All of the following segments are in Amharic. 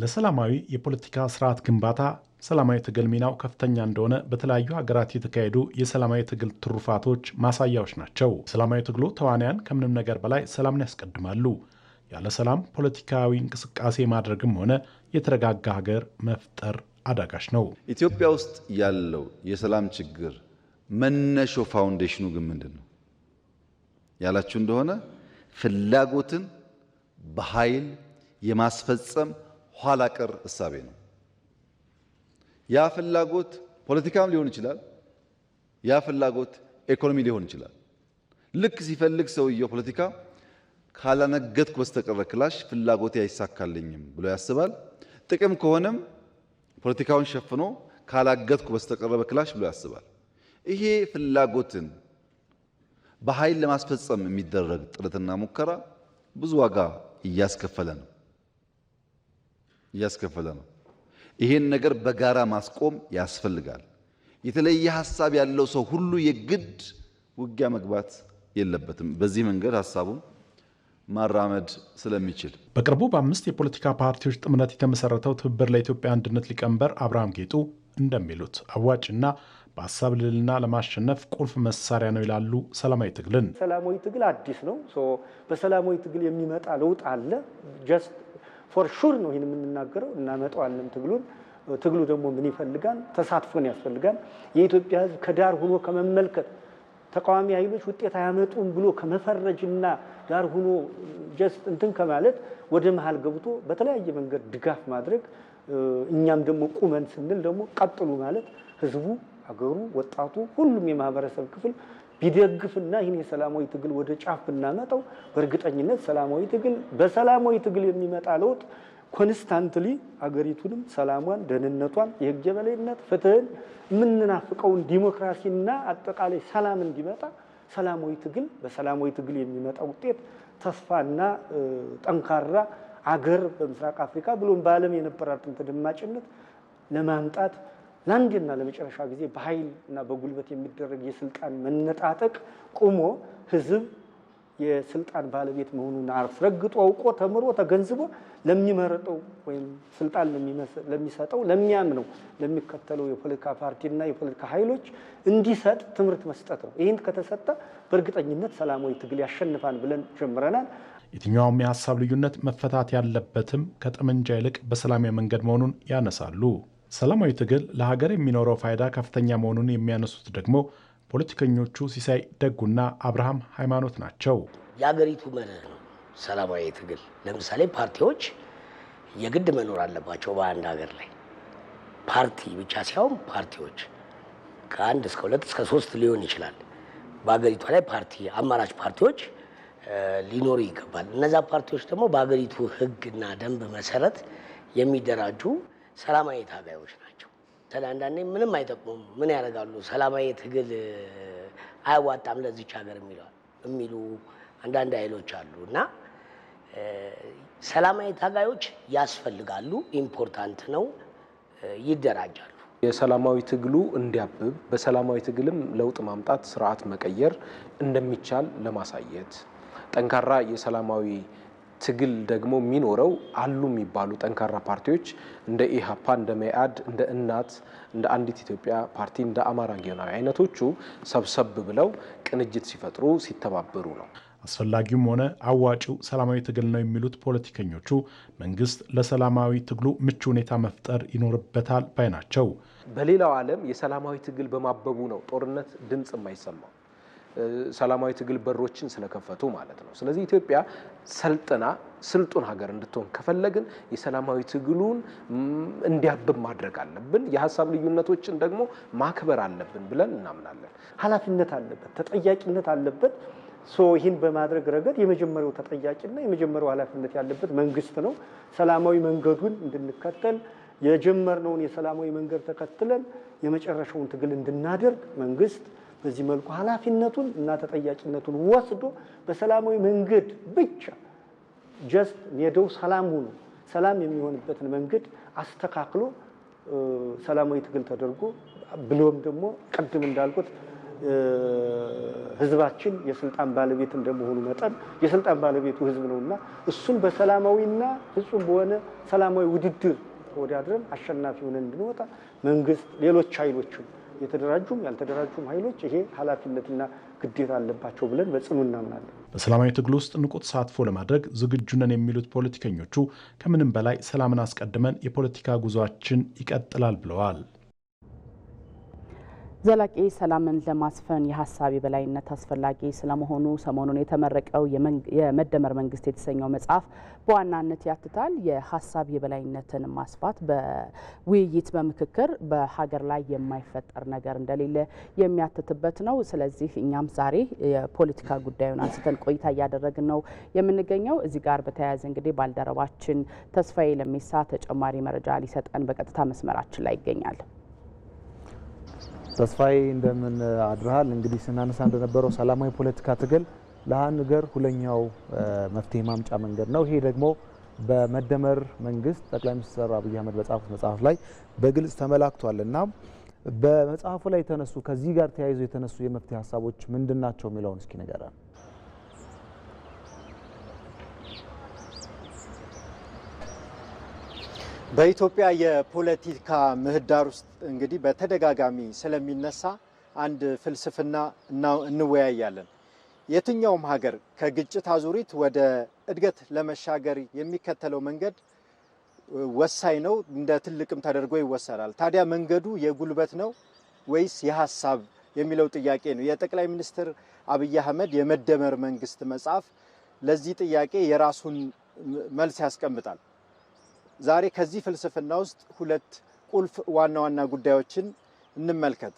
ለሰላማዊ የፖለቲካ ስርዓት ግንባታ ሰላማዊ ትግል ሚናው ከፍተኛ እንደሆነ በተለያዩ ሀገራት የተካሄዱ የሰላማዊ ትግል ትሩፋቶች ማሳያዎች ናቸው። ሰላማዊ ትግሉ ተዋንያን ከምንም ነገር በላይ ሰላምን ያስቀድማሉ። ያለ ሰላም ፖለቲካዊ እንቅስቃሴ ማድረግም ሆነ የተረጋጋ ሀገር መፍጠር አዳጋች ነው። ኢትዮጵያ ውስጥ ያለው የሰላም ችግር መነሾ ፋውንዴሽኑ ግን ምንድን ነው ያላችሁ እንደሆነ ፍላጎትን በኃይል የማስፈጸም ኋላ ቀር እሳቤ ነው። ያ ፍላጎት ፖለቲካም ሊሆን ይችላል። ያ ፍላጎት ኢኮኖሚ ሊሆን ይችላል። ልክ ሲፈልግ ሰውየው ፖለቲካ ካላነገትኩ በስተቀረ ክላሽ ፍላጎቴ አይሳካልኝም ብሎ ያስባል። ጥቅም ከሆነም ፖለቲካውን ሸፍኖ ካላገትኩ በስተቀረ በክላሽ ብሎ ያስባል። ይሄ ፍላጎትን በኃይል ለማስፈጸም የሚደረግ ጥረትና ሙከራ ብዙ ዋጋ እያስከፈለ ነው። እያስከፈለ ነው። ይሄን ነገር በጋራ ማስቆም ያስፈልጋል። የተለየ ሀሳብ ያለው ሰው ሁሉ የግድ ውጊያ መግባት የለበትም። በዚህ መንገድ ሀሳቡን ማራመድ ስለሚችል በቅርቡ በአምስት የፖለቲካ ፓርቲዎች ጥምረት የተመሰረተው ትብብር ለኢትዮጵያ አንድነት ሊቀመንበር አብርሃም ጌጡ እንደሚሉት አዋጭና በሀሳብ ልልና ለማሸነፍ ቁልፍ መሳሪያ ነው ይላሉ። ሰላማዊ ትግልን ሰላማዊ ትግል አዲስ ነው። በሰላማዊ ትግል የሚመጣ ለውጥ አለ። ጀስት ፎር ሹር ነው ይህን የምንናገረው፣ እናመጣዋለን። ትግሉን ትግሉ ደግሞ ምን ይፈልጋል? ተሳትፎን ያስፈልጋል። የኢትዮጵያ ህዝብ ከዳር ሆኖ ከመመልከት ተቃዋሚ ኃይሎች ውጤት አያመጡም ብሎ ከመፈረጅና ዳር ሆኖ ጀስት እንትን ከማለት ወደ መሀል ገብቶ በተለያየ መንገድ ድጋፍ ማድረግ እኛም ደግሞ ቁመን ስንል ደግሞ ቀጥሉ ማለት ህዝቡ፣ ሀገሩ፣ ወጣቱ ሁሉም የማህበረሰብ ክፍል ቢደግፍና ይህን የሰላማዊ ትግል ወደ ጫፍ ብናመጣው በእርግጠኝነት ሰላማዊ ትግል በሰላማዊ ትግል የሚመጣ ለውጥ ኮንስታንትሊ አገሪቱንም ሰላሟን፣ ደህንነቷን፣ የህግ የበላይነት፣ ፍትህን የምንናፍቀውን ዲሞክራሲና አጠቃላይ ሰላም እንዲመጣ ሰላማዊ ትግል በሰላማዊ ትግል የሚመጣ ውጤት ተስፋና ጠንካራ አገር በምስራቅ አፍሪካ ብሎም በዓለም የነበራትን ተደማጭነት ለማምጣት ለአንድና ለመጨረሻ ጊዜ በኃይል እና በጉልበት የሚደረግ የስልጣን መነጣጠቅ ቁሞ ህዝብ የስልጣን ባለቤት መሆኑን አስረግጦ አውቆ ተምሮ ተገንዝቦ ለሚመረጠው ወይም ስልጣን ለሚሰጠው ለሚያምነው ለሚከተለው የፖለቲካ ፓርቲና የፖለቲካ ኃይሎች እንዲሰጥ ትምህርት መስጠት ነው። ይህን ከተሰጠ በእርግጠኝነት ሰላማዊ ትግል ያሸንፋል ብለን ጀምረናል። የትኛውም የሀሳብ ልዩነት መፈታት ያለበትም ከጠመንጃ ይልቅ በሰላማዊ መንገድ መሆኑን ያነሳሉ። ሰላማዊ ትግል ለሀገር የሚኖረው ፋይዳ ከፍተኛ መሆኑን የሚያነሱት ደግሞ ፖለቲከኞቹ ሲሳይ ደጉና አብርሃም ሃይማኖት ናቸው። የሀገሪቱ መርህ ነው ሰላማዊ ትግል። ለምሳሌ ፓርቲዎች የግድ መኖር አለባቸው በአንድ ሀገር ላይ ፓርቲ ብቻ ሳይሆን ፓርቲዎች ከአንድ እስከ ሁለት እስከ ሶስት ሊሆን ይችላል። በሀገሪቷ ላይ ፓርቲ አማራጭ ፓርቲዎች ሊኖሩ ይገባል። እነዛ ፓርቲዎች ደግሞ በሀገሪቱ ህግና ደንብ መሰረት የሚደራጁ ሰላማዊ ታጋዮች ናቸው። አንዳንዴ ምንም አይጠቅሙም ምን ያደርጋሉ፣ ሰላማዊ ትግል አያዋጣም ለዚች ሀገር የሚሉ አንዳንድ ኃይሎች አሉ እና ሰላማዊ ታጋዮች ያስፈልጋሉ፣ ኢምፖርታንት ነው፣ ይደራጃሉ። የሰላማዊ ትግሉ እንዲያብብ በሰላማዊ ትግልም ለውጥ ማምጣት ስርዓት መቀየር እንደሚቻል ለማሳየት ጠንካራ የሰላማዊ ትግል ደግሞ የሚኖረው አሉ የሚባሉ ጠንካራ ፓርቲዎች እንደ ኢህአፓ፣ እንደ መኢአድ፣ እንደ እናት፣ እንደ አንዲት ኢትዮጵያ ፓርቲ፣ እንደ አማራ ጊዮናዊ አይነቶቹ ሰብሰብ ብለው ቅንጅት ሲፈጥሩ ሲተባበሩ ነው። አስፈላጊውም ሆነ አዋጪው ሰላማዊ ትግል ነው የሚሉት ፖለቲከኞቹ መንግስት ለሰላማዊ ትግሉ ምቹ ሁኔታ መፍጠር ይኖርበታል ባይ ናቸው። በሌላው ዓለም የሰላማዊ ትግል በማበቡ ነው ጦርነት ድምፅ የማይሰማው። ሰላማዊ ትግል በሮችን ስለከፈቱ ማለት ነው። ስለዚህ ኢትዮጵያ ሰልጥና ስልጡን ሀገር እንድትሆን ከፈለግን የሰላማዊ ትግሉን እንዲያብብ ማድረግ አለብን። የሀሳብ ልዩነቶችን ደግሞ ማክበር አለብን ብለን እናምናለን። ኃላፊነት አለበት፣ ተጠያቂነት አለበት። ሶ ይህን በማድረግ ረገድ የመጀመሪያው ተጠያቂና የመጀመሪያው ኃላፊነት ያለበት መንግስት ነው። ሰላማዊ መንገዱን እንድንከተል የጀመርነውን የሰላማዊ መንገድ ተከትለን የመጨረሻውን ትግል እንድናደርግ መንግስት በዚህ መልኩ ኃላፊነቱን እና ተጠያቂነቱን ወስዶ በሰላማዊ መንገድ ብቻ ጀስት ሜዳው ሰላም ሆኖ ሰላም የሚሆንበትን መንገድ አስተካክሎ ሰላማዊ ትግል ተደርጎ ብሎም ደግሞ ቅድም እንዳልኩት ህዝባችን የስልጣን ባለቤት እንደመሆኑ መጠን የስልጣን ባለቤቱ ህዝብ ነውና እሱን በሰላማዊና ፍጹም በሆነ ሰላማዊ ውድድር ተወዳድረን አሸናፊ ሆነን እንድንወጣ መንግስት፣ ሌሎች ኃይሎችም የተደራጁም ያልተደራጁም ኃይሎች ይሄ ኃላፊነትና ግዴታ አለባቸው ብለን በጽኑ እናምናለን። በሰላማዊ ትግል ውስጥ ንቁ ተሳትፎ ለማድረግ ዝግጁ ነን የሚሉት ፖለቲከኞቹ ከምንም በላይ ሰላምን አስቀድመን የፖለቲካ ጉዟችን ይቀጥላል ብለዋል። ዘላቂ ሰላምን ለማስፈን የሀሳብ የበላይነት አስፈላጊ ስለመሆኑ ሰሞኑን የተመረቀው የመደመር መንግስት የተሰኘው መጽሐፍ በዋናነት ያትታል። የሀሳብ የበላይነትን ማስፋት በውይይት በምክክር በሀገር ላይ የማይፈጠር ነገር እንደሌለ የሚያትትበት ነው። ስለዚህ እኛም ዛሬ የፖለቲካ ጉዳዩን አንስተን ቆይታ እያደረግን ነው የምንገኘው። እዚህ ጋር በተያያዘ እንግዲህ ባልደረባችን ተስፋዬ ለሚሳ ተጨማሪ መረጃ ሊሰጠን በቀጥታ መስመራችን ላይ ይገኛል። ተስፋዬ እንደምን አድረሃል? እንግዲህ ስናነሳ እንደነበረው ሰላማዊ ፖለቲካ ትግል ለሀገር ሁለኛው መፍትሄ ማምጫ መንገድ ነው። ይሄ ደግሞ በመደመር መንግስት ጠቅላይ ሚኒስትር አብይ አህመድ በጻፉት መጽሐፍ ላይ በግልጽ ተመላክቷል እና በመጽሐፉ ላይ የተነሱ ከዚህ ጋር ተያይዞ የተነሱ የመፍትሄ ሀሳቦች ምንድን ናቸው የሚለውን እስኪ ንገረን። በኢትዮጵያ የፖለቲካ ምህዳር ውስጥ እንግዲህ በተደጋጋሚ ስለሚነሳ አንድ ፍልስፍና እንወያያለን። የትኛውም ሀገር ከግጭት አዙሪት ወደ እድገት ለመሻገር የሚከተለው መንገድ ወሳኝ ነው፣ እንደ ትልቅም ተደርጎ ይወሰዳል። ታዲያ መንገዱ የጉልበት ነው ወይስ የሀሳብ የሚለው ጥያቄ ነው። የጠቅላይ ሚኒስትር አብይ አህመድ የመደመር መንግስት መጽሐፍ ለዚህ ጥያቄ የራሱን መልስ ያስቀምጣል። ዛሬ ከዚህ ፍልስፍና ውስጥ ሁለት ቁልፍ ዋና ዋና ጉዳዮችን እንመልከት።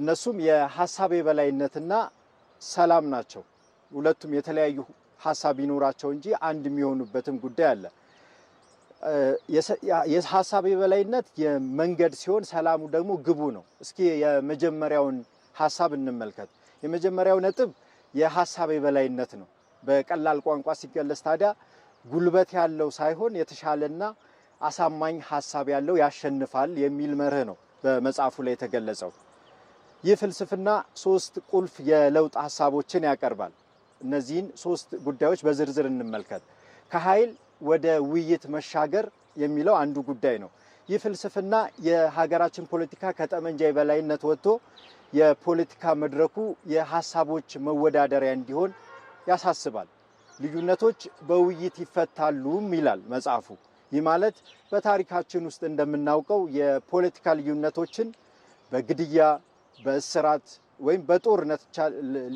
እነሱም የሀሳብ የበላይነትና ሰላም ናቸው። ሁለቱም የተለያዩ ሀሳብ ይኖራቸው እንጂ አንድ የሚሆኑበትም ጉዳይ አለ። የሀሳብ የበላይነት የመንገድ ሲሆን፣ ሰላሙ ደግሞ ግቡ ነው። እስኪ የመጀመሪያውን ሀሳብ እንመልከት። የመጀመሪያው ነጥብ የሀሳብ የበላይነት ነው። በቀላል ቋንቋ ሲገለጽ ታዲያ ጉልበት ያለው ሳይሆን የተሻለና አሳማኝ ሀሳብ ያለው ያሸንፋል የሚል መርህ ነው በመጽሐፉ ላይ የተገለጸው። ይህ ፍልስፍና ሶስት ቁልፍ የለውጥ ሀሳቦችን ያቀርባል። እነዚህን ሶስት ጉዳዮች በዝርዝር እንመልከት። ከኃይል ወደ ውይይት መሻገር የሚለው አንዱ ጉዳይ ነው። ይህ ፍልስፍና የሀገራችን ፖለቲካ ከጠመንጃ የበላይነት ወጥቶ የፖለቲካ መድረኩ የሀሳቦች መወዳደሪያ እንዲሆን ያሳስባል። ልዩነቶች በውይይት ይፈታሉም ይላል መጽሐፉ። ይህ ማለት በታሪካችን ውስጥ እንደምናውቀው የፖለቲካ ልዩነቶችን በግድያ፣ በእስራት ወይም በጦርነት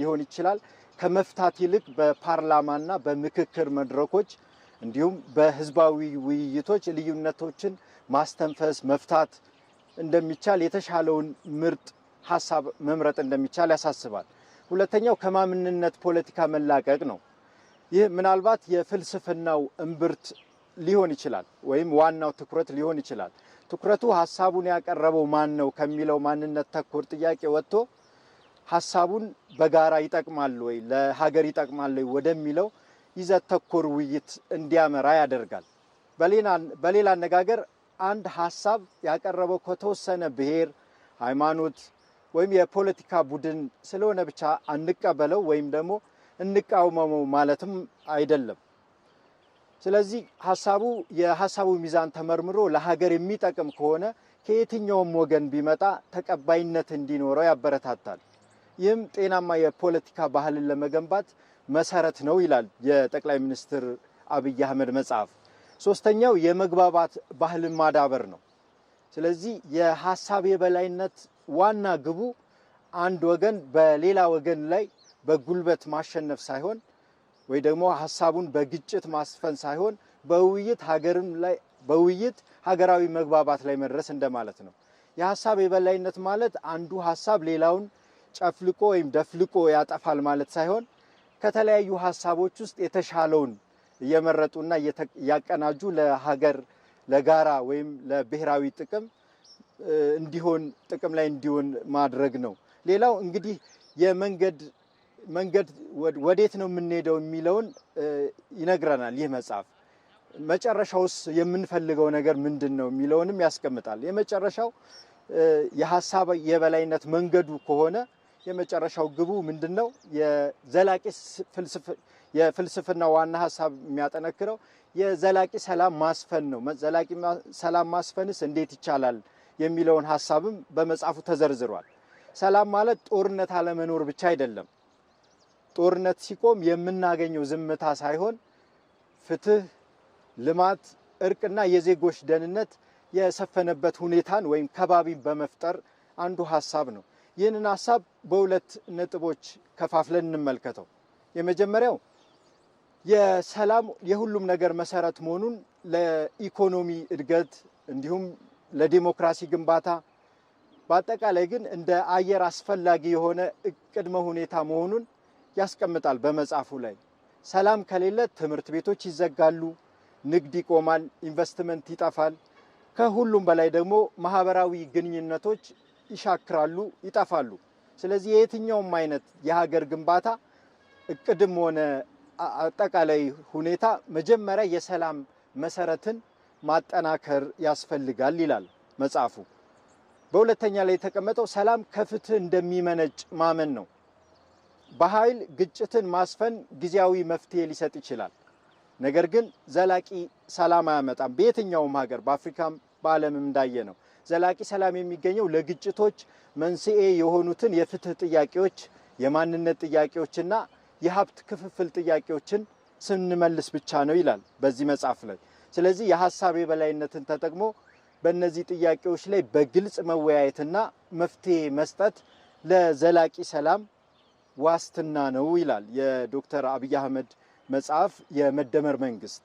ሊሆን ይችላል ከመፍታት ይልቅ በፓርላማና በምክክር መድረኮች እንዲሁም በህዝባዊ ውይይቶች ልዩነቶችን ማስተንፈስ መፍታት እንደሚቻል የተሻለውን ምርጥ ሀሳብ መምረጥ እንደሚቻል ያሳስባል። ሁለተኛው ከማምንነት ፖለቲካ መላቀቅ ነው። ይህ ምናልባት የፍልስፍናው እምብርት ሊሆን ይችላል፣ ወይም ዋናው ትኩረት ሊሆን ይችላል። ትኩረቱ ሀሳቡን ያቀረበው ማን ነው ከሚለው ማንነት ተኮር ጥያቄ ወጥቶ ሀሳቡን በጋራ ይጠቅማል ወይ ለሀገር ይጠቅማል ወይ ወደሚለው ይዘት ተኮር ውይይት እንዲያመራ ያደርጋል። በሌላ አነጋገር አንድ ሀሳብ ያቀረበው ከተወሰነ ብሔር፣ ሃይማኖት ወይም የፖለቲካ ቡድን ስለሆነ ብቻ አንቀበለው ወይም ደግሞ እንቃወመው ማለትም አይደለም። ስለዚህ ሀሳቡ የሀሳቡ ሚዛን ተመርምሮ ለሀገር የሚጠቅም ከሆነ ከየትኛውም ወገን ቢመጣ ተቀባይነት እንዲኖረው ያበረታታል። ይህም ጤናማ የፖለቲካ ባህልን ለመገንባት መሰረት ነው ይላል የጠቅላይ ሚኒስትር አብይ አህመድ መጽሐፍ። ሶስተኛው የመግባባት ባህልን ማዳበር ነው። ስለዚህ የሀሳብ የበላይነት ዋና ግቡ አንድ ወገን በሌላ ወገን ላይ በጉልበት ማሸነፍ ሳይሆን ወይ ደግሞ ሀሳቡን በግጭት ማስፈን ሳይሆን በውይይት ሀገርም ላይ በውይይት ሀገራዊ መግባባት ላይ መድረስ እንደማለት ነው። የሀሳብ የበላይነት ማለት አንዱ ሀሳብ ሌላውን ጨፍልቆ ወይም ደፍልቆ ያጠፋል ማለት ሳይሆን ከተለያዩ ሀሳቦች ውስጥ የተሻለውን እየመረጡና እያቀናጁ ለሀገር ለጋራ ወይም ለብሔራዊ ጥቅም እንዲሆን ጥቅም ላይ እንዲሆን ማድረግ ነው። ሌላው እንግዲህ የመንገድ መንገድ ወዴት ነው የምንሄደው የሚለውን ይነግረናል። ይህ መጽሐፍ መጨረሻውስ የምንፈልገው ነገር ምንድን ነው የሚለውንም ያስቀምጣል። የመጨረሻው የሀሳብ የበላይነት መንገዱ ከሆነ የመጨረሻው ግቡ ምንድን ነው? የዘላቂ የፍልስፍና ዋና ሀሳብ የሚያጠነክረው የዘላቂ ሰላም ማስፈን ነው። ዘላቂ ሰላም ማስፈንስ እንዴት ይቻላል የሚለውን ሀሳብም በመጽሐፉ ተዘርዝሯል። ሰላም ማለት ጦርነት አለመኖር ብቻ አይደለም። ጦርነት ሲቆም የምናገኘው ዝምታ ሳይሆን ፍትህ፣ ልማት፣ እርቅና የዜጎች ደህንነት የሰፈነበት ሁኔታን ወይም ከባቢን በመፍጠር አንዱ ሀሳብ ነው። ይህንን ሀሳብ በሁለት ነጥቦች ከፋፍለን እንመልከተው። የመጀመሪያው የሰላም የሁሉም ነገር መሰረት መሆኑን ለኢኮኖሚ እድገት እንዲሁም ለዲሞክራሲ ግንባታ በአጠቃላይ ግን እንደ አየር አስፈላጊ የሆነ ቅድመ ሁኔታ መሆኑን ያስቀምጣል በመጽሐፉ ላይ። ሰላም ከሌለ ትምህርት ቤቶች ይዘጋሉ፣ ንግድ ይቆማል፣ ኢንቨስትመንት ይጠፋል። ከሁሉም በላይ ደግሞ ማህበራዊ ግንኙነቶች ይሻክራሉ፣ ይጠፋሉ። ስለዚህ የየትኛውም አይነት የሀገር ግንባታ እቅድም ሆነ አጠቃላይ ሁኔታ መጀመሪያ የሰላም መሰረትን ማጠናከር ያስፈልጋል ይላል መጽሐፉ። በሁለተኛ ላይ የተቀመጠው ሰላም ከፍትህ እንደሚመነጭ ማመን ነው። በኃይል ግጭትን ማስፈን ጊዜያዊ መፍትሄ ሊሰጥ ይችላል። ነገር ግን ዘላቂ ሰላም አያመጣም። በየትኛውም ሀገር በአፍሪካም በዓለምም እንዳየ ነው። ዘላቂ ሰላም የሚገኘው ለግጭቶች መንስኤ የሆኑትን የፍትህ ጥያቄዎች፣ የማንነት ጥያቄዎችና የሀብት ክፍፍል ጥያቄዎችን ስንመልስ ብቻ ነው ይላል በዚህ መጽሐፍ ላይ። ስለዚህ የሀሳብ የበላይነትን ተጠቅሞ በእነዚህ ጥያቄዎች ላይ በግልጽ መወያየትና መፍትሄ መስጠት ለዘላቂ ሰላም ዋስትና ነው ይላል የዶክተር አብይ አህመድ መጽሐፍ የመደመር መንግስት።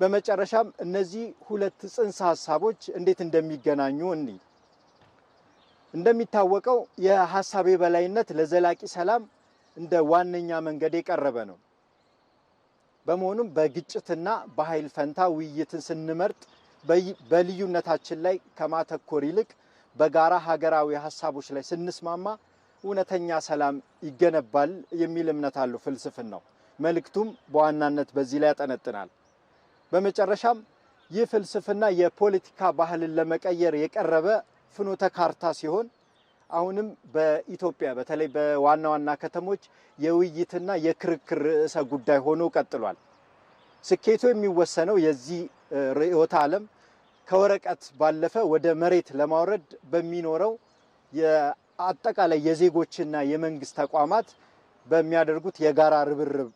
በመጨረሻም እነዚህ ሁለት ጽንሰ ሀሳቦች እንዴት እንደሚገናኙ እኒ እንደሚታወቀው የሀሳብ የበላይነት ለዘላቂ ሰላም እንደ ዋነኛ መንገድ የቀረበ ነው። በመሆኑም በግጭትና በኃይል ፈንታ ውይይትን ስንመርጥ በልዩነታችን ላይ ከማተኮር ይልቅ በጋራ ሀገራዊ ሀሳቦች ላይ ስንስማማ እውነተኛ ሰላም ይገነባል የሚል እምነት አለው ነው። መልእክቱም በዋናነት በዚህ ላይ ያጠነጥናል። በመጨረሻም ይህ ፍልስፍና የፖለቲካ ባህልን ለመቀየር የቀረበ ፍኖተ ካርታ ሲሆን አሁንም በኢትዮጵያ በተለይ በዋና ዋና ከተሞች የውይይትና የክርክር ርዕሰ ጉዳይ ሆኖ ቀጥሏል። ስኬቱ የሚወሰነው የዚህ ርዕዮተ ዓለም ከወረቀት ባለፈ ወደ መሬት ለማውረድ በሚኖረው አጠቃላይ የዜጎችና የመንግስት ተቋማት በሚያደርጉት የጋራ ርብርብ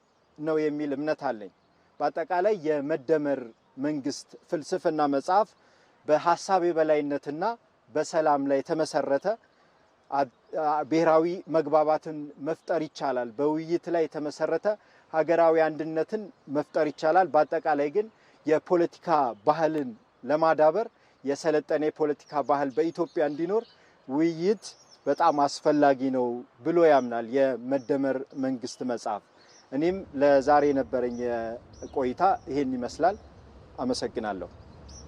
ነው የሚል እምነት አለኝ። በአጠቃላይ የመደመር መንግስት ፍልስፍና መጽሐፍ በሀሳብ የበላይነትና በሰላም ላይ የተመሰረተ ብሔራዊ መግባባትን መፍጠር ይቻላል፣ በውይይት ላይ የተመሰረተ ሀገራዊ አንድነትን መፍጠር ይቻላል። በአጠቃላይ ግን የፖለቲካ ባህልን ለማዳበር የሰለጠነ የፖለቲካ ባህል በኢትዮጵያ እንዲኖር ውይይት በጣም አስፈላጊ ነው ብሎ ያምናል የመደመር መንግስት መጽሐፍ። እኔም ለዛሬ የነበረኝ ቆይታ ይሄን ይመስላል። አመሰግናለሁ።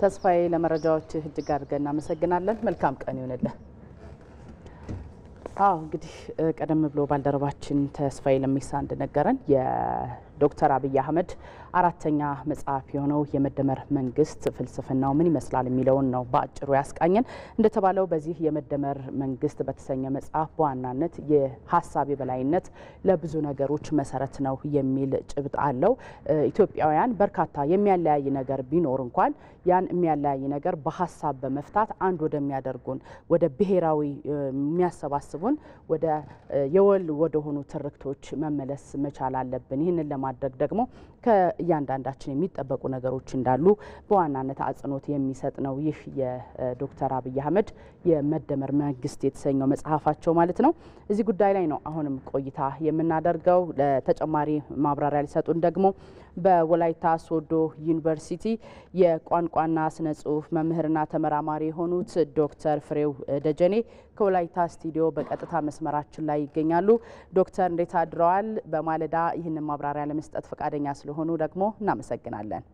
ተስፋዬ፣ ለመረጃዎች እጅግ አድርገን እናመሰግናለን። መልካም ቀን ይሆንልን። አዎ እንግዲህ ቀደም ብሎ ባልደረባችን ተስፋዬ ለሚሳ እንደነገረን ዶክተር አብይ አህመድ አራተኛ መጽሐፍ የሆነው የመደመር መንግስት ፍልስፍናው ምን ይመስላል የሚለውን ነው በአጭሩ ያስቃኘን። እንደተባለው በዚህ የመደመር መንግስት በተሰኘ መጽሐፍ በዋናነት የሀሳብ የበላይነት ለብዙ ነገሮች መሰረት ነው የሚል ጭብጥ አለው። ኢትዮጵያውያን በርካታ የሚያለያይ ነገር ቢኖር እንኳን ያን የሚያለያይ ነገር በሀሳብ በመፍታት አንድ ወደሚያደርጉን ወደ ብሔራዊ የሚያሰባስቡን ወደ የወል ወደሆኑ ትርክቶች መመለስ መቻል አለብን። ይህንን ለማድረግ ደግሞ ከእያንዳንዳችን የሚጠበቁ ነገሮች እንዳሉ በዋናነት አጽንኦት የሚሰጥ ነው። ይህ የዶክተር አብይ አህመድ የመደመር መንግስት የተሰኘው መጽሐፋቸው ማለት ነው። እዚህ ጉዳይ ላይ ነው አሁንም ቆይታ የምናደርገው። ለተጨማሪ ማብራሪያ ሊሰጡን ደግሞ በወላይታ ሶዶ ዩኒቨርሲቲ የቋንቋና ስነ ጽሁፍ መምህርና ተመራማሪ የሆኑት ዶክተር ፍሬው ደጀኔ ከወላይታ ስቱዲዮ በቀጥታ መስመራችን ላይ ይገኛሉ። ዶክተር እንዴት አድረዋል? በማለዳ ይህንን ማብራሪያ ለመስጠት ፈቃደኛ ስለሆኑ ደግሞ እናመሰግናለን።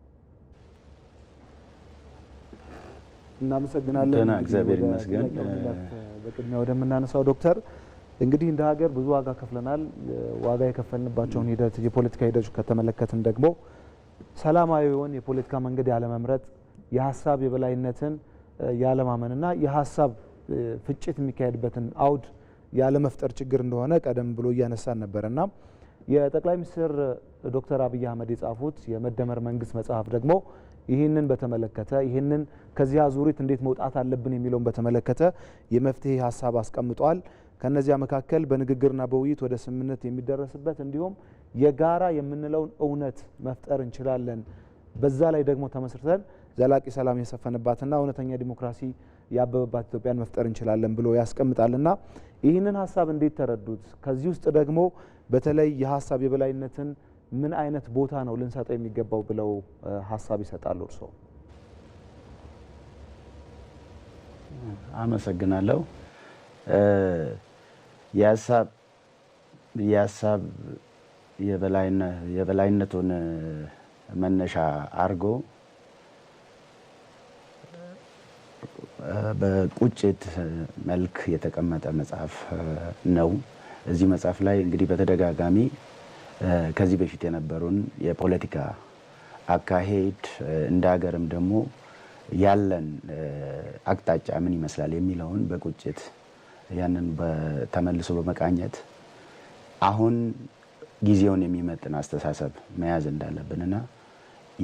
እናመሰግናለን። እግዚአብሔር ይመስገን። በቅድሚያ ወደምናነሳው ዶክተር እንግዲህ እንደ ሀገር ብዙ ዋጋ ከፍለናል። ዋጋ የከፈልንባቸውን ሂደት የፖለቲካ ሂደቶች ከተመለከትን ደግሞ የሆን የፖለቲካ መንገድ ያለመምረጥ፣ የሀሳብ የበላይነትን ያለማመንና የሀሳብ ፍጭት የሚካሄድበትን አውድ ያለመፍጠር ችግር እንደሆነ ቀደም ብሎ እያነሳን ነበርና የጠቅላይ ሚኒስትር ዶክተር አብይ አህመድ የጻፉት የመደመር መንግስት መጽሐፍ ደግሞ ይህንን በተመለከተ ይህንን ከዚያ አዙሪት እንዴት መውጣት አለብን የሚለውን በተመለከተ የመፍትሄ ሀሳብ አስቀምጧል። ከነዚያ መካከል በንግግርና በውይይት ወደ ስምምነት የሚደረስበት እንዲሁም የጋራ የምንለውን እውነት መፍጠር እንችላለን። በዛ ላይ ደግሞ ተመስርተን ዘላቂ ሰላም የሰፈነባትና እውነተኛ ዲሞክራሲ ያበበባት ኢትዮጵያን መፍጠር እንችላለን ብሎ ያስቀምጣልና ይህንን ሀሳብ እንዴት ተረዱት? ከዚህ ውስጥ ደግሞ በተለይ የሀሳብ የበላይነትን ምን አይነት ቦታ ነው ልንሰጠው የሚገባው ብለው ሀሳብ ይሰጣሉ? እርስዎ። አመሰግናለሁ። የሀሳብ የበላይነቱን መነሻ አድርጎ በቁጭት መልክ የተቀመጠ መጽሐፍ ነው። እዚህ መጽሐፍ ላይ እንግዲህ በተደጋጋሚ ከዚህ በፊት የነበሩን የፖለቲካ አካሄድ እንደ ሀገርም ደግሞ ያለን አቅጣጫ ምን ይመስላል የሚለውን በቁጭት ያንን ተመልሶ በመቃኘት አሁን ጊዜውን የሚመጥን አስተሳሰብ መያዝ እንዳለብን እና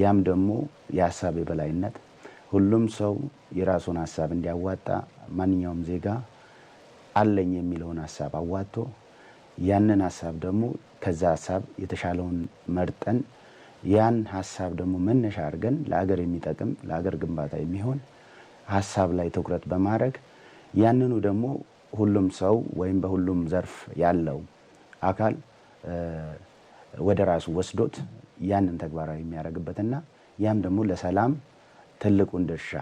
ያም ደግሞ የሀሳብ የበላይነት ሁሉም ሰው የራሱን ሀሳብ እንዲያዋጣ ማንኛውም ዜጋ አለኝ የሚለውን ሀሳብ አዋጥቶ ያንን ሀሳብ ደግሞ ከዛ ሀሳብ የተሻለውን መርጠን ያን ሀሳብ ደግሞ መነሻ አድርገን ለአገር የሚጠቅም ለአገር ግንባታ የሚሆን ሀሳብ ላይ ትኩረት በማድረግ ያንኑ ደግሞ ሁሉም ሰው ወይም በሁሉም ዘርፍ ያለው አካል ወደ ራሱ ወስዶት ያንን ተግባራዊ የሚያደርግበትና ያም ደግሞ ለሰላም ትልቁን ድርሻ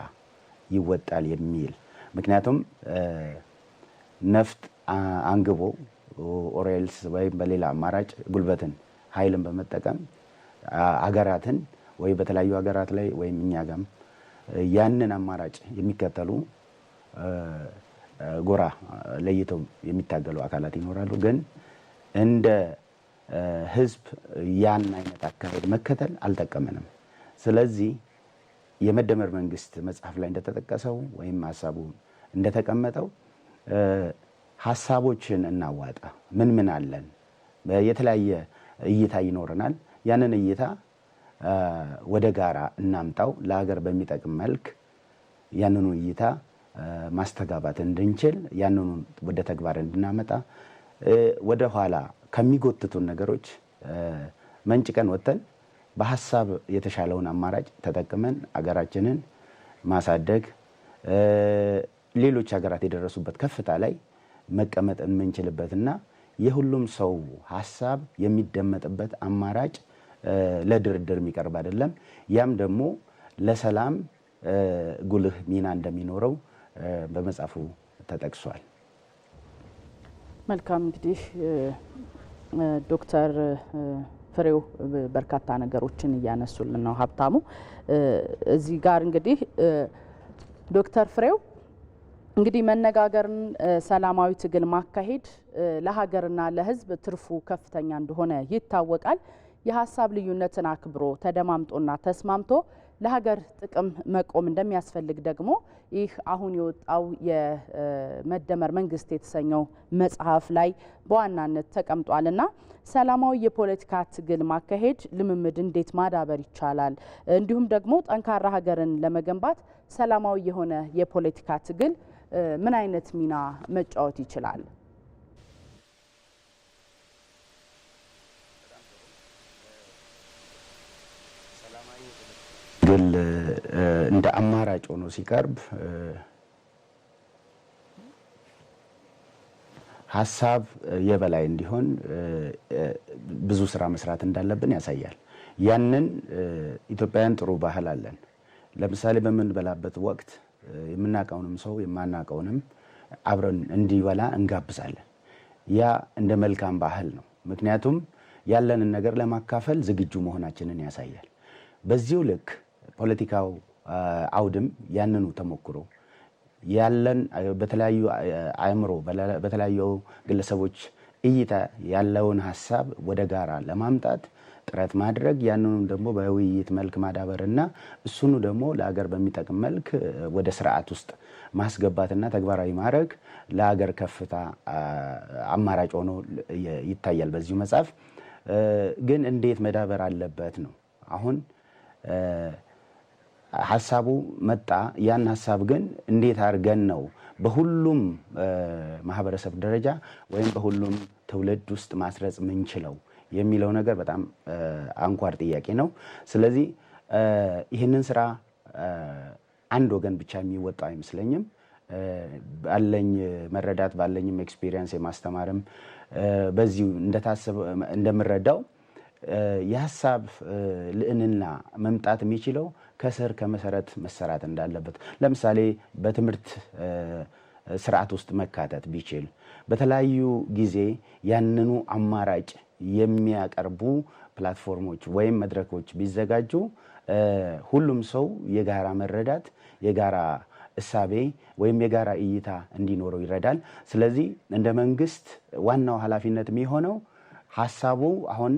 ይወጣል የሚል ምክንያቱም ነፍጥ አንግቦ ኦሬልስ ወይም በሌላ አማራጭ ጉልበትን ኃይልን በመጠቀም አገራትን ወይ በተለያዩ ሀገራት ላይ ወይም እኛ ጋም ያንን አማራጭ የሚከተሉ ጎራ ለይተው የሚታገሉ አካላት ይኖራሉ። ግን እንደ ህዝብ ያን አይነት አካሄድ መከተል አልጠቀመንም። ስለዚህ የመደመር መንግስት መጽሐፍ ላይ እንደተጠቀሰው ወይም ሀሳቡ እንደተቀመጠው ሀሳቦችን እናዋጣ። ምን ምን አለን? የተለያየ እይታ ይኖረናል። ያንን እይታ ወደ ጋራ እናምጣው። ለሀገር በሚጠቅም መልክ ያንኑ እይታ ማስተጋባት እንድንችል ያንኑ ወደ ተግባር እንድናመጣ ወደ ኋላ ከሚጎትቱን ነገሮች መንጭቀን ወጥተን በሀሳብ የተሻለውን አማራጭ ተጠቅመን አገራችንን ማሳደግ ሌሎች ሀገራት የደረሱበት ከፍታ ላይ መቀመጥ የምንችልበትና የሁሉም ሰው ሀሳብ የሚደመጥበት አማራጭ ለድርድር የሚቀርብ አይደለም። ያም ደግሞ ለሰላም ጉልህ ሚና እንደሚኖረው በመጽሐፉ ተጠቅሷል። መልካም እንግዲህ ዶክተር ፍሬው በርካታ ነገሮችን እያነሱልን ነው። ሀብታሙ እዚህ ጋር እንግዲህ ዶክተር ፍሬው እንግዲህ መነጋገርን፣ ሰላማዊ ትግል ማካሄድ ለሀገርና ለሕዝብ ትርፉ ከፍተኛ እንደሆነ ይታወቃል። የሀሳብ ልዩነትን አክብሮ ተደማምጦና ተስማምቶ ለሀገር ጥቅም መቆም እንደሚያስፈልግ ደግሞ ይህ አሁን የወጣው የመደመር መንግስት የተሰኘው መጽሐፍ ላይ በዋናነት ተቀምጧልና ሰላማዊ የፖለቲካ ትግል ማካሄድ ልምምድ እንዴት ማዳበር ይቻላል፣ እንዲሁም ደግሞ ጠንካራ ሀገርን ለመገንባት ሰላማዊ የሆነ የፖለቲካ ትግል ምን አይነት ሚና መጫወት ይችላል? ትግል እንደ አማራጭ ሆኖ ሲቀርብ ሀሳብ የበላይ እንዲሆን ብዙ ስራ መስራት እንዳለብን ያሳያል። ያንን ኢትዮጵያውያን ጥሩ ባህል አለን። ለምሳሌ በምንበላበት ወቅት የምናውቀውንም ሰው የማናውቀውንም አብረን እንዲበላ እንጋብዛለን። ያ እንደ መልካም ባህል ነው። ምክንያቱም ያለንን ነገር ለማካፈል ዝግጁ መሆናችንን ያሳያል። በዚሁ ልክ ፖለቲካው አውድም ያንኑ ተሞክሮ ያለን በተለያዩ አእምሮ በተለያዩ ግለሰቦች እይታ ያለውን ሀሳብ ወደ ጋራ ለማምጣት ጥረት ማድረግ ያንኑም ደግሞ በውይይት መልክ ማዳበርና እሱኑ ደግሞ ለሀገር በሚጠቅም መልክ ወደ ስርዓት ውስጥ ማስገባትና ተግባራዊ ማድረግ ለሀገር ከፍታ አማራጭ ሆኖ ይታያል። በዚሁ መጽሐፍ ግን እንዴት መዳበር አለበት ነው አሁን ሀሳቡ መጣ። ያን ሀሳብ ግን እንዴት አድርገን ነው በሁሉም ማህበረሰብ ደረጃ ወይም በሁሉም ትውልድ ውስጥ ማስረጽ ምንችለው የሚለው ነገር በጣም አንኳር ጥያቄ ነው። ስለዚህ ይህንን ስራ አንድ ወገን ብቻ የሚወጣው አይመስለኝም። ባለኝ መረዳት ባለኝም ኤክስፒሪየንስ የማስተማርም በዚሁ እንደምረዳው የሀሳብ ልዕልና መምጣት የሚችለው ከስር ከመሰረት መሰራት እንዳለበት ለምሳሌ በትምህርት ስርዓት ውስጥ መካተት ቢችል በተለያዩ ጊዜ ያንኑ አማራጭ የሚያቀርቡ ፕላትፎርሞች ወይም መድረኮች ቢዘጋጁ ሁሉም ሰው የጋራ መረዳት፣ የጋራ እሳቤ ወይም የጋራ እይታ እንዲኖረው ይረዳል። ስለዚህ እንደ መንግስት ዋናው ኃላፊነት የሚሆነው ሀሳቡ አሁን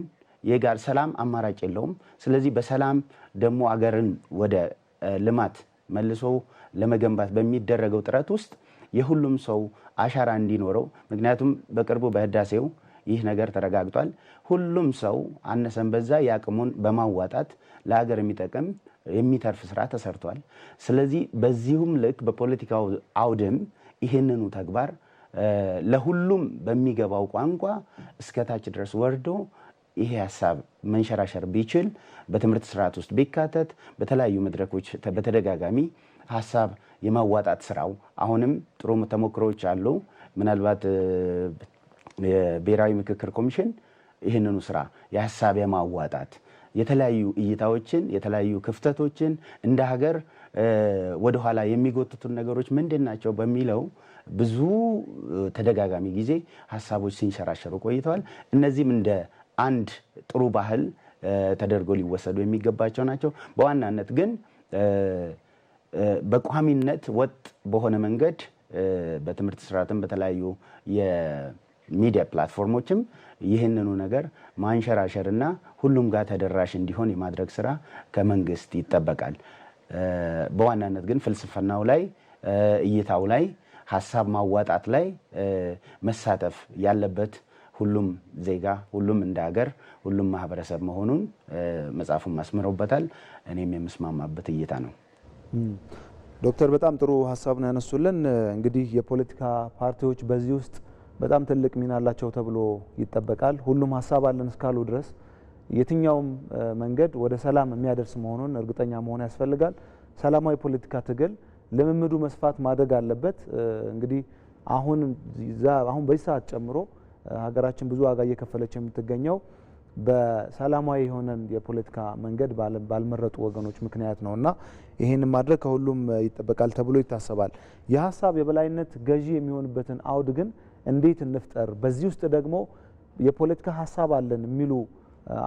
የጋር ሰላም አማራጭ የለውም። ስለዚህ በሰላም ደግሞ አገርን ወደ ልማት መልሶ ለመገንባት በሚደረገው ጥረት ውስጥ የሁሉም ሰው አሻራ እንዲኖረው ምክንያቱም በቅርቡ በህዳሴው ይህ ነገር ተረጋግጧል። ሁሉም ሰው አነሰን በዛ የአቅሙን በማዋጣት ለሀገር የሚጠቅም የሚተርፍ ስራ ተሰርቷል። ስለዚህ በዚሁም ልክ በፖለቲካው አውድም ይህንኑ ተግባር ለሁሉም በሚገባው ቋንቋ እስከታች ድረስ ወርዶ ይሄ ሀሳብ መንሸራሸር ቢችል በትምህርት ስርዓት ውስጥ ቢካተት በተለያዩ መድረኮች በተደጋጋሚ ሀሳብ የማዋጣት ስራው አሁንም ጥሩ ተሞክሮዎች አሉ። ምናልባት የብሔራዊ ምክክር ኮሚሽን ይህንኑ ስራ የሀሳብ የማዋጣት የተለያዩ እይታዎችን የተለያዩ ክፍተቶችን እንደ ሀገር ወደኋላ የሚጎትቱን ነገሮች ምንድን ናቸው በሚለው ብዙ ተደጋጋሚ ጊዜ ሀሳቦች ሲንሸራሸሩ ቆይተዋል። እነዚህም እንደ አንድ ጥሩ ባህል ተደርጎ ሊወሰዱ የሚገባቸው ናቸው። በዋናነት ግን በቋሚነት ወጥ በሆነ መንገድ በትምህርት ስርዓትም በተለያዩ የሚዲያ ፕላትፎርሞችም ይህንኑ ነገር ማንሸራሸርና ሁሉም ጋር ተደራሽ እንዲሆን የማድረግ ስራ ከመንግስት ይጠበቃል። በዋናነት ግን ፍልስፍናው ላይ፣ እይታው ላይ፣ ሀሳብ ማዋጣት ላይ መሳተፍ ያለበት ሁሉም ዜጋ ሁሉም እንደ ሀገር ሁሉም ማህበረሰብ መሆኑን መጽሐፉን አስምረውበታል። እኔም የምስማማበት እይታ ነው። ዶክተር በጣም ጥሩ ሀሳብ ነው ያነሱልን። እንግዲህ የፖለቲካ ፓርቲዎች በዚህ ውስጥ በጣም ትልቅ ሚና አላቸው ተብሎ ይጠበቃል። ሁሉም ሀሳብ አለን እስካሉ ድረስ የትኛውም መንገድ ወደ ሰላም የሚያደርስ መሆኑን እርግጠኛ መሆን ያስፈልጋል። ሰላማዊ ፖለቲካ ትግል ልምምዱ መስፋት ማደግ አለበት። እንግዲህ አሁን አሁን በዚህ ሰዓት ጨምሮ ሀገራችን ብዙ ዋጋ እየከፈለች የምትገኘው በሰላማዊ የሆነን የፖለቲካ መንገድ ባልመረጡ ወገኖች ምክንያት ነው እና ይህንን ማድረግ ከሁሉም ይጠበቃል ተብሎ ይታሰባል። የሀሳብ የበላይነት ገዢ የሚሆንበትን አውድ ግን እንዴት እንፍጠር? በዚህ ውስጥ ደግሞ የፖለቲካ ሀሳብ አለን የሚሉ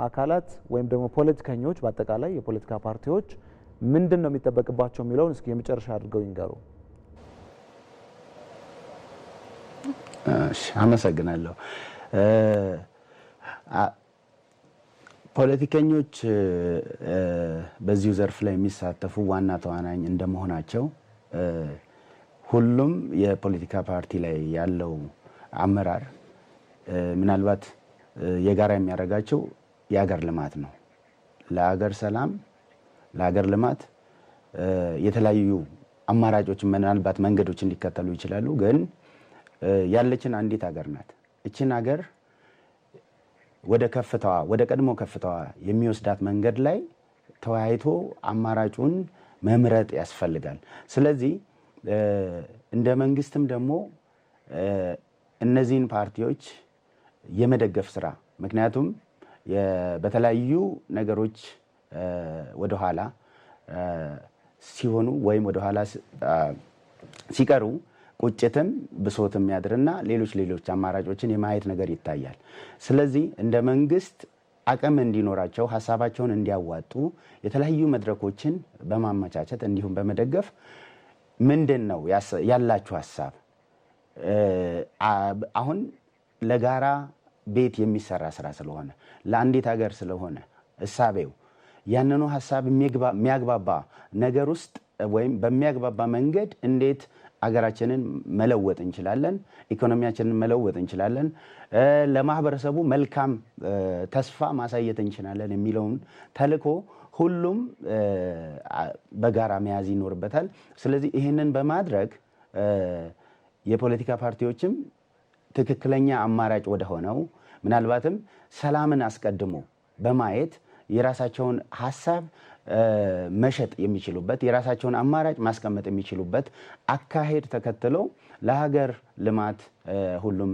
አካላት ወይም ደግሞ ፖለቲከኞች፣ በአጠቃላይ የፖለቲካ ፓርቲዎች ምንድን ነው የሚጠበቅባቸው የሚለውን እስኪ የመጨረሻ አድርገው ይንገሩ። አመሰግናለሁ። ፖለቲከኞች በዚሁ ዘርፍ ላይ የሚሳተፉ ዋና ተዋናኝ እንደመሆናቸው ሁሉም የፖለቲካ ፓርቲ ላይ ያለው አመራር ምናልባት የጋራ የሚያደርጋቸው የሀገር ልማት ነው። ለሀገር ሰላም፣ ለሀገር ልማት የተለያዩ አማራጮች ምናልባት መንገዶች ሊከተሉ ይችላሉ ግን ያለችን አንዲት ሀገር ናት። እችን ሀገር ወደ ከፍታዋ ወደ ቀድሞ ከፍታዋ የሚወስዳት መንገድ ላይ ተወያይቶ አማራጩን መምረጥ ያስፈልጋል። ስለዚህ እንደ መንግስትም ደግሞ እነዚህን ፓርቲዎች የመደገፍ ስራ ምክንያቱም በተለያዩ ነገሮች ወደኋላ ሲሆኑ ወይም ወደኋላ ሲቀሩ ቁጭትም ብሶትም ያድርና ሌሎች ሌሎች አማራጮችን የማየት ነገር ይታያል። ስለዚህ እንደ መንግስት አቅም እንዲኖራቸው ሀሳባቸውን እንዲያዋጡ የተለያዩ መድረኮችን በማመቻቸት እንዲሁም በመደገፍ ምንድን ነው ያላችሁ ሀሳብ አሁን ለጋራ ቤት የሚሰራ ስራ ስለሆነ ለአንዲት ሀገር ስለሆነ እሳቤው ያንኑ ሀሳብ የሚያግባባ ነገር ውስጥ ወይም በሚያግባባ መንገድ እንዴት አገራችንን መለወጥ እንችላለን። ኢኮኖሚያችንን መለወጥ እንችላለን። ለማህበረሰቡ መልካም ተስፋ ማሳየት እንችላለን የሚለውን ተልዕኮ ሁሉም በጋራ መያዝ ይኖርበታል። ስለዚህ ይህንን በማድረግ የፖለቲካ ፓርቲዎችም ትክክለኛ አማራጭ ወደሆነው ምናልባትም ሰላምን አስቀድሞ በማየት የራሳቸውን ሀሳብ መሸጥ የሚችሉበት የራሳቸውን አማራጭ ማስቀመጥ የሚችሉበት አካሄድ ተከትለው ለሀገር ልማት ሁሉም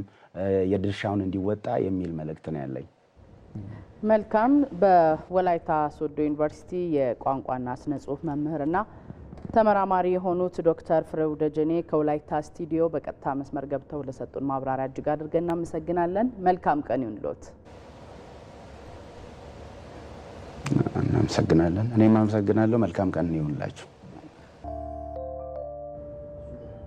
የድርሻውን እንዲወጣ የሚል መልእክት ነው ያለኝ። መልካም። በወላይታ ሶዶ ዩኒቨርሲቲ የቋንቋና ስነ ጽሁፍ መምህርና ተመራማሪ የሆኑት ዶክተር ፍሬው ደጀኔ ከወላይታ ስቱዲዮ በቀጥታ መስመር ገብተው ለሰጡን ማብራሪያ እጅግ አድርገን እናመሰግናለን። መልካም ቀን ይሁንልዎት። እናመሰግናለን። እኔም አመሰግናለሁ። መልካም ቀን ይሁንላችሁ።